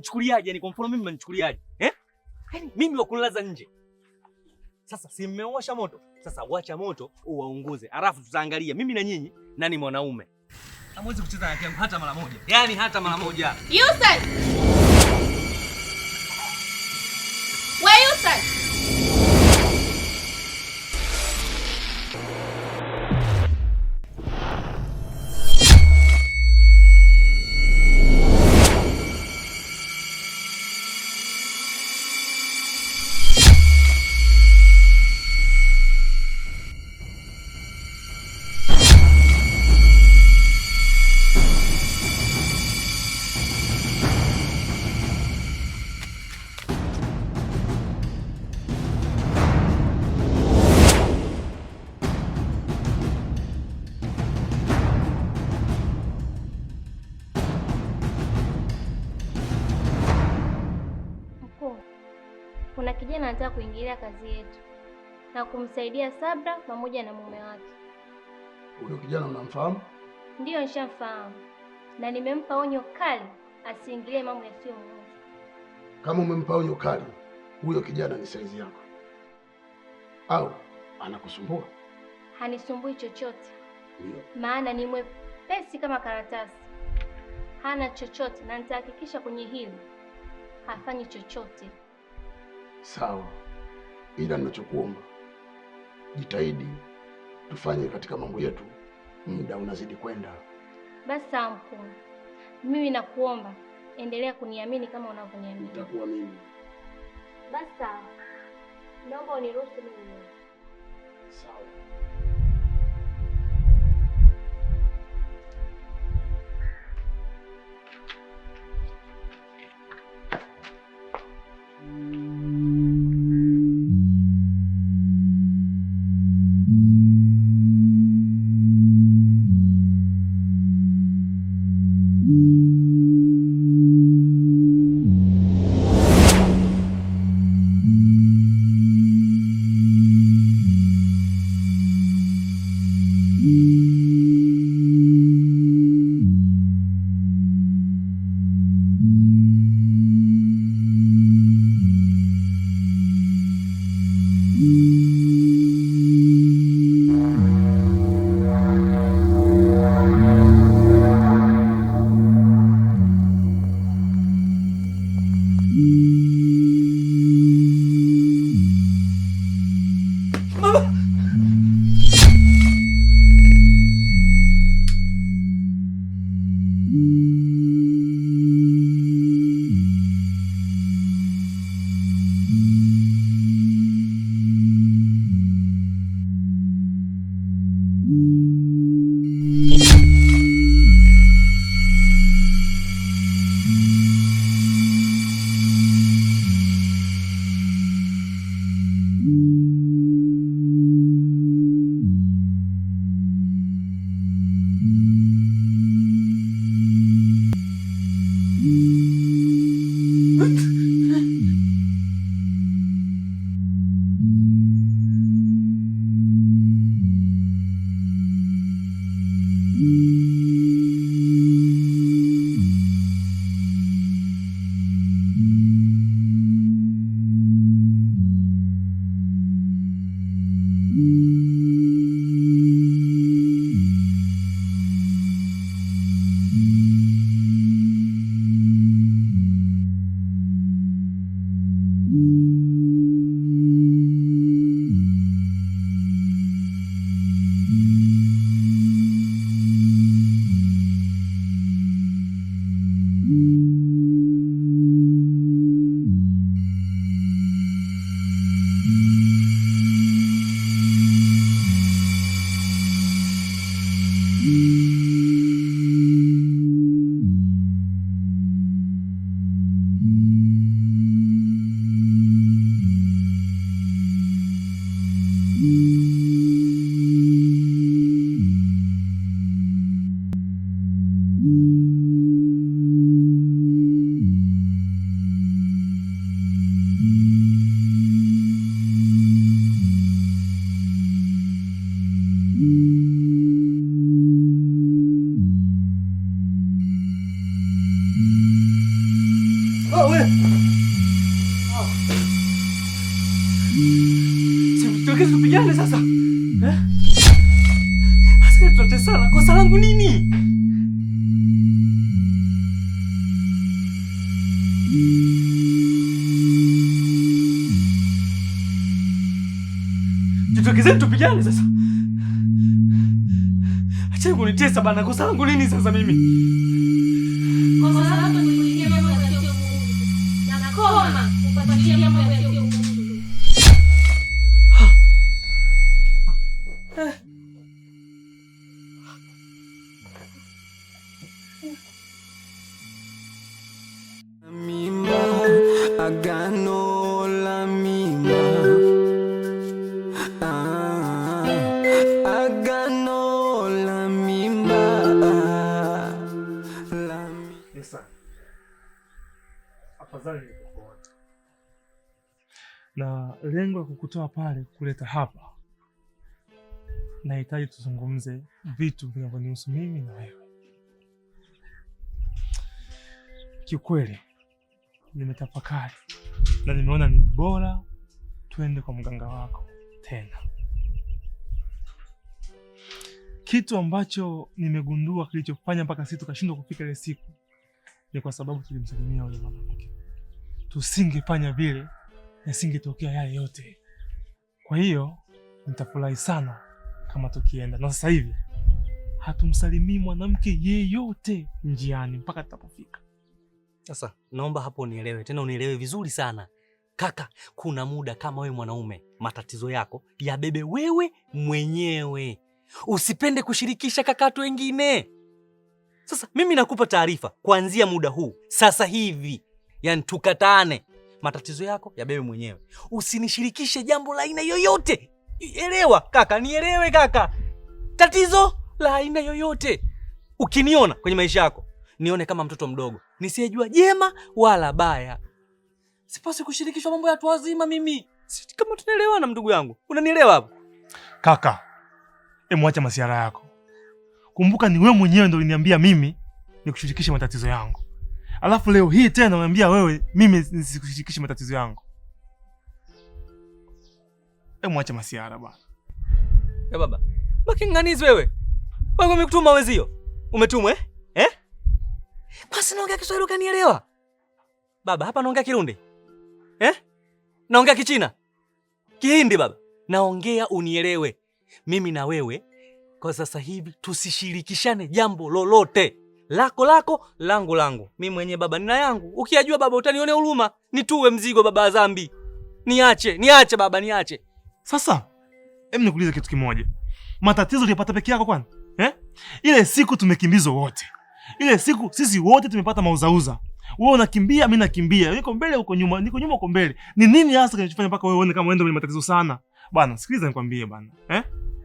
mnanichukuliaje? Yaani kwa mfano mimi mnanichukuliaje? Eh? Yaani mimi wa kulaza nje. Sasa si mmewasha moto. Sasa wacha moto uwaunguze. Alafu tutaangalia mimi na nyinyi nani mwanaume. Hamwezi kucheza na kiangu hata mara moja. Yaani hata mara moja. Yusuf! kijana anataka kuingilia kazi yetu na kumsaidia Sabra pamoja na mume wake. Huyo kijana unamfahamu Ndiyo, nishamfahamu na nimempa onyo kali asiingilie mambo yasiyo muhimu. Kama umempa onyo kali, huyo kijana ni saizi yako au anakusumbua? Hanisumbui chochote. Ndiyo. Maana ni mwepesi kama karatasi, hana chochote, na nitahakikisha kwenye hili hafanyi chochote. Sawa, ila ninachokuomba jitahidi tufanye katika mambo yetu, muda unazidi kwenda. Basi sawa mkuu, mimi nakuomba endelea kuniamini kama unavyoniamini. Nitakuamini. Basi sawa, naomba uniruhusu mimi. Sawa. kosa langu nini? Jitokezeni tupigane sasa. Acha kunitesa bana, kosa langu nini sasa mimi? lengo la kukutoa pale kuleta hapa, nahitaji tuzungumze vitu vinavyonihusu mimi na wewe. Kiukweli nimetafakari na nimeona ni bora twende kwa mganga wako tena. Kitu ambacho nimegundua kilichofanya mpaka sisi tukashindwa kufika ile siku ni kwa sababu tulimsalimia yule mwanamke. Tusingefanya vile yasingetokea yale yote. Kwa hiyo nitafurahi sana kama tukienda, na sasa hivi hatumsalimii mwanamke yeyote njiani mpaka tutapofika. Sasa naomba hapo unielewe tena, unielewe vizuri sana kaka. Kuna muda kama wewe mwanaume, matatizo yako yabebe wewe mwenyewe, usipende kushirikisha kakatu wengine. Sasa mimi nakupa taarifa, kuanzia muda huu sasa hivi, yani tukataane matatizo yako yabebe mwenyewe, usinishirikishe jambo la aina yoyote. Elewa kaka, nielewe kaka, tatizo la aina yoyote ukiniona kwenye maisha yako nione kama mtoto mdogo nisiyejua jema wala baya. Sipasi kushirikishwa mambo ya watu wazima mimi. Sisi kama tunaelewana ndugu yangu, unanielewa hapo kaka? Emwacha masiara yako, kumbuka ni wewe mwenyewe ndio uliniambia mimi nikushirikishe matatizo yangu alafu leo hii tena unaambia wewe mimi nisikushirikishe matatizo yangu. Mwache masiara bwana. E baba, makinganizi wewe wewe, umekutuma wezio, umetumwa eh? eh? Basi naongea Kiswahili ukanielewa baba? Hapa naongea Kirundi eh? Naongea Kichina, Kihindi baba, naongea unielewe. Mimi na wewe kwa sasa hivi tusishirikishane jambo lolote lako lako langu langu. Mi mwenye baba nina yangu, ukiyajua baba utanione huruma, nituwe mzigo baba zambi. Niache, niache baba, niache. Sasa em, nikuulize kitu kimoja, matatizo uliyapata peke yako kwani eh? Ile siku tumekimbizwa wote, ile siku sisi wote tumepata mauzauza wewe unakimbia, mi nakimbia, niko mbele huko nyuma, niko nyuma huko mbele. Ni nini hasa kinachofanya mpaka wewe uone kama uende kwenye matatizo sana bana? Sikiliza nikwambie bana, eh,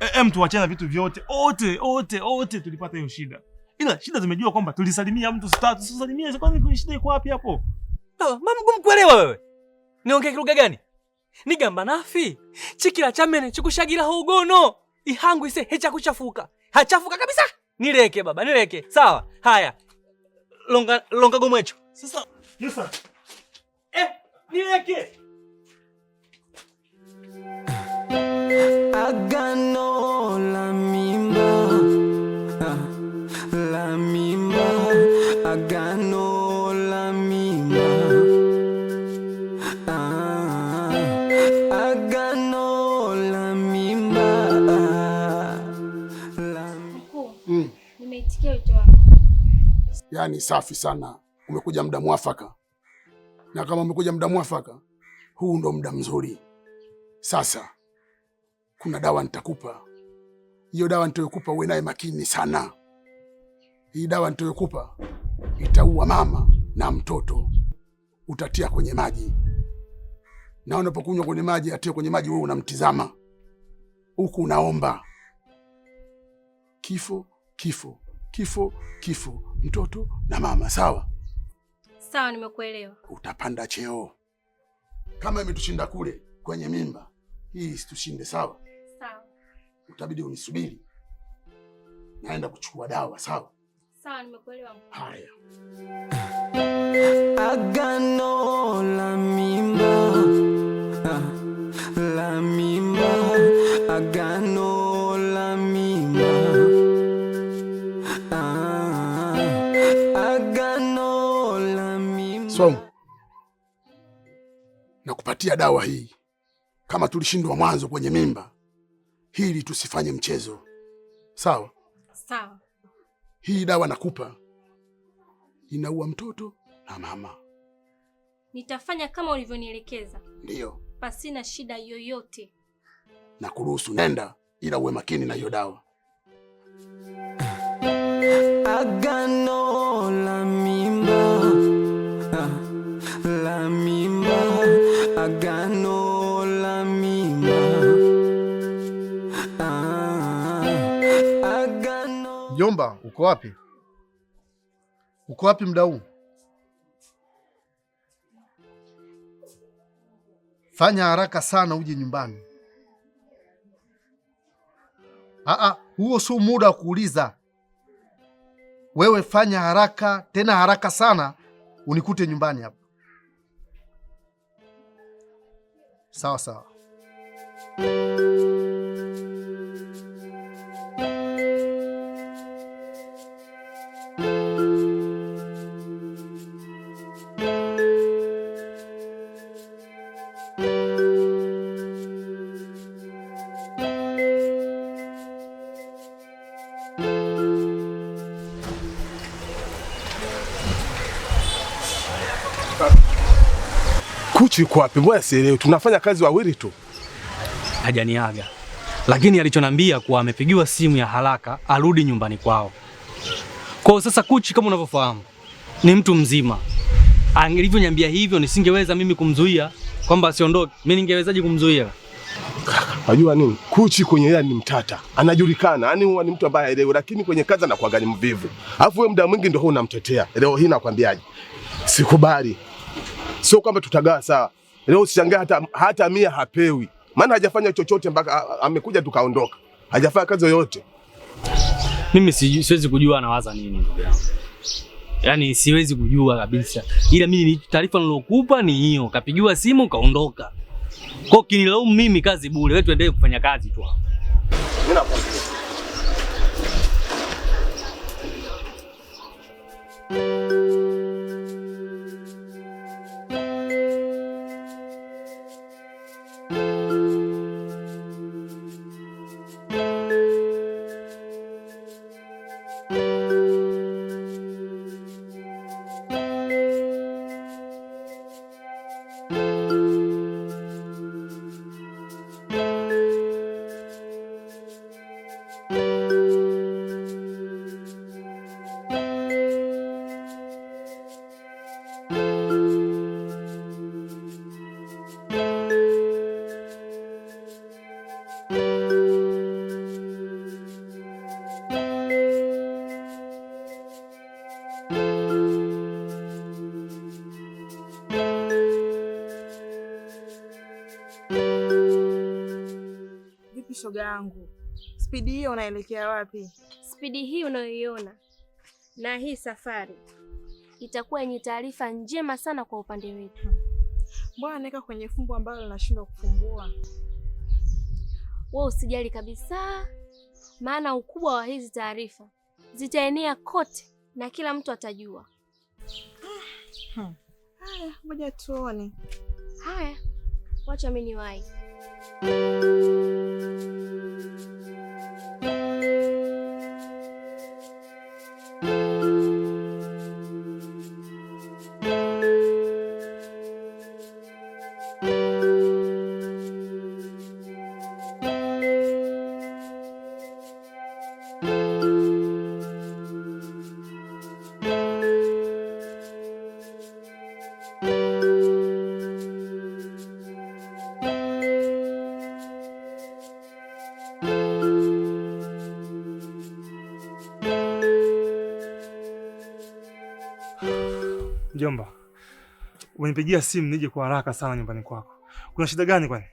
eh, mtu achana vitu vyote, ote ote ote tulipata hiyo shida ila shida zimejua kwamba tulisalimia mtu sitatu, tusisalimie kwani shida iko wapi hapo? No, mama mgumu kuelewa wewe. Niongee kiruga gani? Nigamba nafi chikila chamene chikushagila ho ugono ihangu ise hecha kuchafuka hachafuka kabisa. Nileke baba, nileke sawa. Haya, longa longa gomwecho sasa. Yusa eh, nileke no agano la mina ah, hmm. Yaani safi sana, umekuja muda mwafaka, na kama umekuja muda mwafaka, huu ndo muda mzuri sasa. Kuna dawa nitakupa, hiyo dawa nitayokupa uwe naye makini sana. Hii dawa nitayokupa itaua mama na mtoto, utatia kwenye maji, na unapokunywa kwenye maji, atie kwenye maji, wewe unamtizama huku unaomba. Kifo, kifo, kifo, kifo, mtoto na mama. Sawa sawa, nimekuelewa. Utapanda cheo kama imetushinda kule kwenye mimba, hii situshinde Sawa sawa, utabidi unisubiri, naenda kuchukua dawa. Sawa. Sawa, nimekuelewa. Haya. Agano la mimba. La mimba. Agano la mimba. Agano la mimba. nakupatia dawa hii. Kama tulishindwa mwanzo kwenye mimba, hili tusifanye mchezo. Sawa? Sawa. Hii dawa nakupa inaua mtoto na mama. Nitafanya kama ulivyonielekeza. Ndiyo, pasina shida yoyote. Na kuruhusu, nenda, ila uwe makini na hiyo dawa. Agano la mimba, ah, la mimba, agano Mjomba, uko wapi? Uko wapi muda huu? Fanya haraka sana uje nyumbani. Aa, huo sio muda wa kuuliza. Wewe fanya haraka, tena haraka sana, unikute nyumbani hapa. Sawa sawa. Kuchu yuko wapi? Mbona sielewi. Tunafanya kazi wawili tu. Hajaniaga, lakini alichonambia kuwa amepigiwa simu ya haraka arudi nyumbani kwao. Kwa sasa Kuchi, kama unavyofahamu, ni mtu mzima. Alivyoniambia hivyo, nisingeweza mimi kumzuia kwamba asiondoke, mimi ningewezaje kumzuia? Unajua nini? Kuchi kwenye yeye ni mtata. Anajulikana, yani huwa ni mtu ambaye haelewi, lakini kwenye kazi anakuwaga ni mvivu. Alafu wewe muda mwingi ndio unamtetea. Leo hii nakwambiaje? Sikubali. Sio kwamba tutagawa sawa. Leo usishangae hata hata mia hapewi. Maana hajafanya chochote mpaka amekuja tukaondoka. Hajafanya kazi yoyote. Mimi siwezi kujua anawaza nini ndugu yangu yani siwezi kujua kabisa, ila mimi taarifa nilokupa ni hiyo, kapigiwa simu kaondoka. Kwa kinilaumu mimi, kazi bure. Wewe tuendelee kufanya kazi tu. Spidi hiyo unaelekea wapi? Spidi hii unayoiona na hii safari itakuwa yenye taarifa njema sana kwa upande wetu. Mbona naweka kwenye fumbo ambalo linashindwa kufumbua? Wewe usijali kabisa, maana ukubwa wa hizi taarifa zitaenea kote na kila mtu atajua. Hmm. Haya, tuone. Haya, wacha mimi niwahi. Unipigia simu nije kwa haraka sana nyumbani kwako. Kuna shida gani kwani?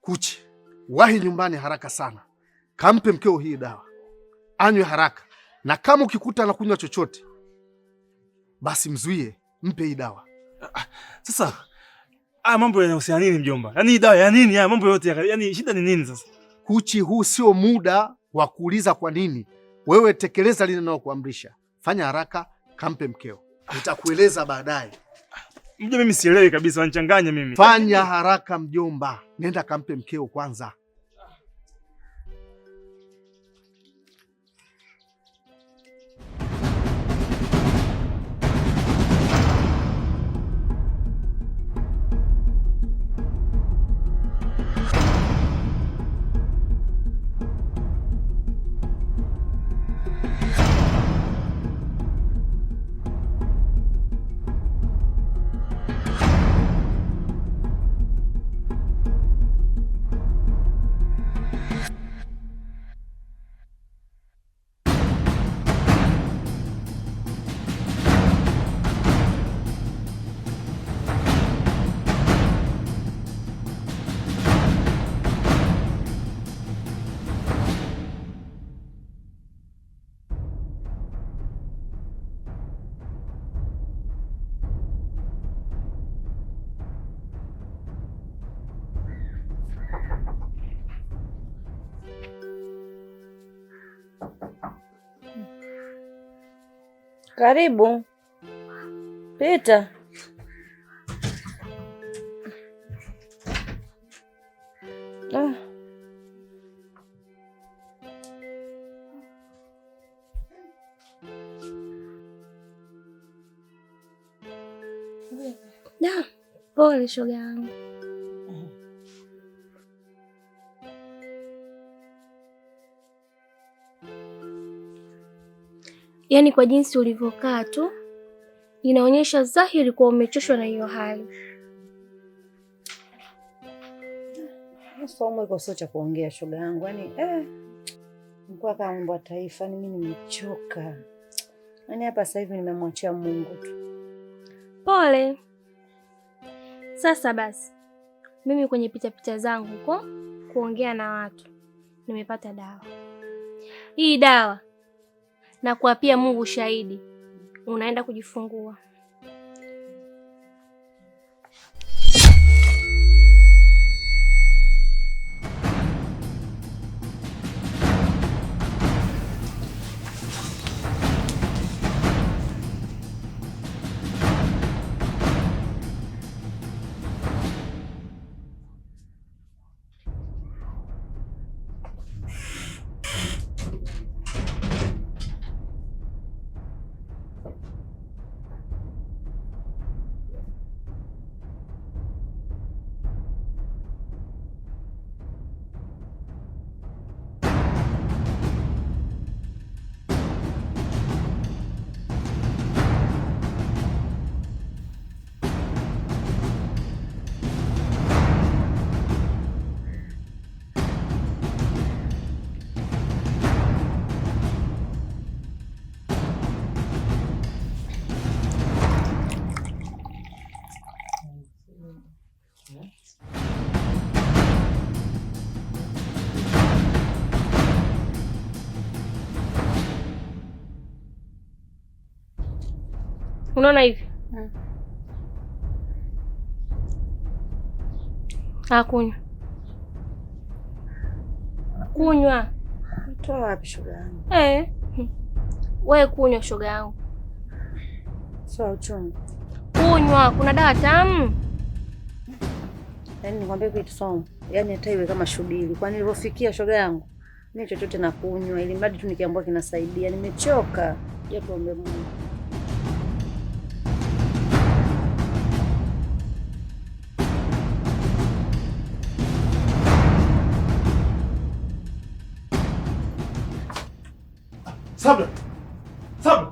Kuchi, wahi nyumbani haraka sana. Kampe mkeo hii dawa. Anywe haraka. Na kama ukikuta anakunywa chochote, basi mzuie, mpe hii dawa. Sasa haya mambo yanahusiana nini mjomba? Yaani hii dawa ya nini? Haya mambo yote yaani shida ni nini sasa? Kuchi, huu sio muda wa kuuliza kwa nini. Wewe tekeleza lile ninalokuamrisha. Fanya haraka, kampe mkeo. Nitakueleza baadaye. Mjomba, mimi sielewi kabisa, wanichanganya mimi. Fanya haraka mjomba, nenda kampe mkeo kwanza. Karibu pita. Ah. pole shoga yangu. yaani kwa jinsi ulivyokaa tu inaonyesha dhahiri kuwa umechoshwa na hiyo hali. Somo iko sio cha kuongea, shoga yangu, yaani eh, mkuu kama mambo ya taifa, yaani mimi nimechoka. Yaani hapa sasa hivi nimemwachia Mungu tu. Pole. Sasa basi, mimi kwenye pitapita zangu huko kuongea na watu nimepata dawa. Hii dawa na kuapia Mungu shahidi, unaenda kujifungua. Thank you. unaona hivi hmm. Eh. Akunywa ah, kunywa, toa wapi shoga yangu eh? Wewe kunywa shoga yangu, sio uchungu. Kunywa kuna dawa tamu, yaani nikwambia kitu somo, yaani hata iwe kama shubiri, kwani nilivyofikia shoga yangu mimi chochote nakunywa ili mradi tu nikiambua kinasaidia. Nimechoka, je, tuombe Mungu Sabra! Sabra!